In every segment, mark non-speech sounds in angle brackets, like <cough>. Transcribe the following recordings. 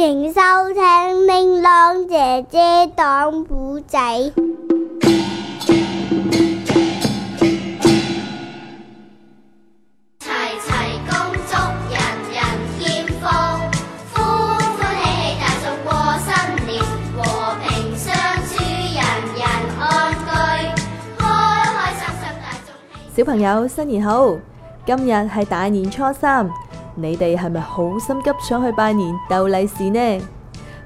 歡迎收聽《玲瓏姐姐講古仔》。齊齊恭祝，人人健康，歡歡喜喜大眾過新年，和平相處，人人安居，開開心心大眾。小朋友，新年好！今日係大年初三。你哋係咪好心急想去拜年鬥利是呢？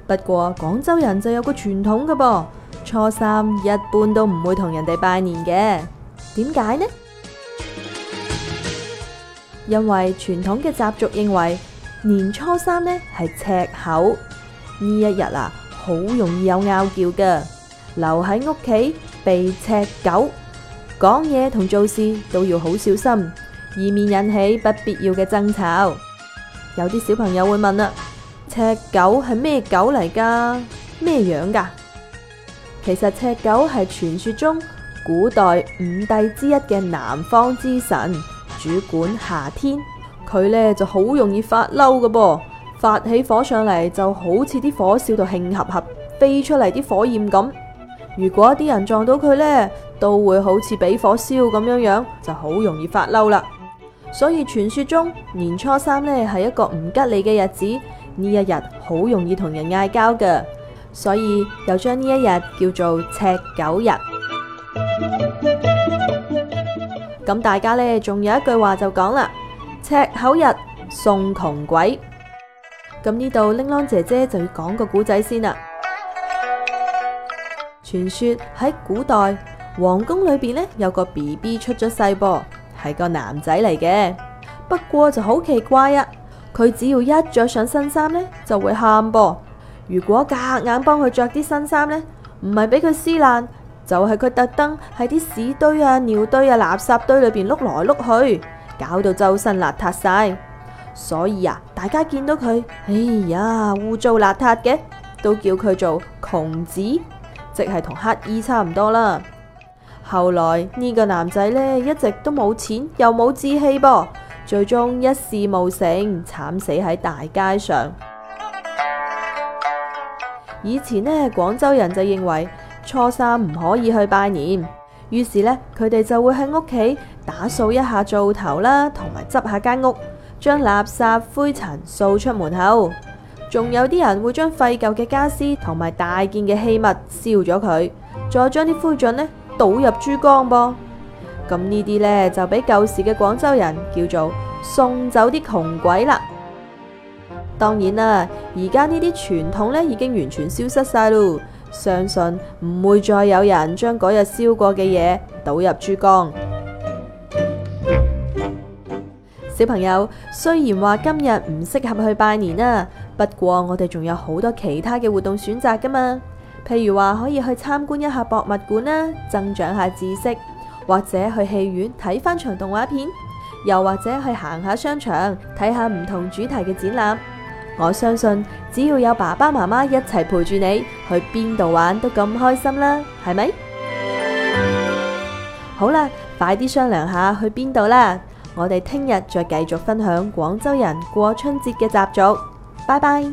不過廣州人就有個傳統嘅噃，初三一般都唔會同人哋拜年嘅。點解呢？因為傳統嘅習俗認為年初三呢係赤口，呢一日啊好容易有拗撬嘅，留喺屋企被赤狗，講嘢同做事都要好小心。以免引起不必要嘅爭吵。有啲小朋友會問啦：赤狗係咩狗嚟噶？咩樣噶？其實赤狗係傳說中古代五帝之一嘅南方之神，主管夏天。佢呢就好容易發嬲噶噃，發起火上嚟就好似啲火燒到慶合合，飛出嚟啲火焰咁。如果啲人撞到佢呢，都會好似俾火燒咁樣樣，就好容易發嬲啦。所以傳說中年初三呢係一個唔吉利嘅日子，呢一日好容易同人嗌交㗎，所以又將呢一日叫做赤狗日。咁 <music> 大家呢仲有一句話就講啦，赤口日送窮鬼。咁呢度玲琅姐姐就要講個古仔先啦。傳 <music> 說喺古代皇宮裏邊呢有個 B B 出咗世噃。.係個男仔嚟嘅，不過就好奇怪啊！佢只要一着上新衫呢，就會喊噃、啊。如果夾硬，硬幫佢着啲新衫呢，唔係俾佢撕爛，就係佢特登喺啲屎堆啊、尿堆啊、垃圾堆裏邊碌來碌去，搞到周身邋遢晒。所以啊，大家見到佢，哎呀，污糟邋遢嘅，都叫佢做窮子，即係同乞兒差唔多啦。後來呢，呢個男仔呢，一直都冇錢，又冇志氣，噃，最終一事無成，慘死喺大街上。以前呢，廣州人就認為初三唔可以去拜年，於是呢，佢哋就會喺屋企打掃一下灶頭啦，同埋執下間屋，將垃圾灰塵掃出門口，仲有啲人會將廢舊嘅家私同埋大件嘅器物燒咗佢，再將啲灰燼呢。倒入珠江噃，咁呢啲呢，就俾舊時嘅廣州人叫做送走啲窮鬼啦。當然啦，而家呢啲傳統呢已經完全消失晒咯，相信唔會再有人將嗰日燒過嘅嘢倒入珠江。小朋友，雖然話今日唔適合去拜年啦，不過我哋仲有好多其他嘅活動選擇噶嘛。譬如話可以去參觀一下博物館啦，增長下知識；或者去戲院睇翻場動畫片，又或者去行下商場，睇下唔同主題嘅展覽。我相信，只要有爸爸媽媽一齊陪住你，去邊度玩都咁開心啦，係咪？好啦，快啲商量下去邊度啦！我哋聽日再繼續分享廣州人過春節嘅習俗。拜拜。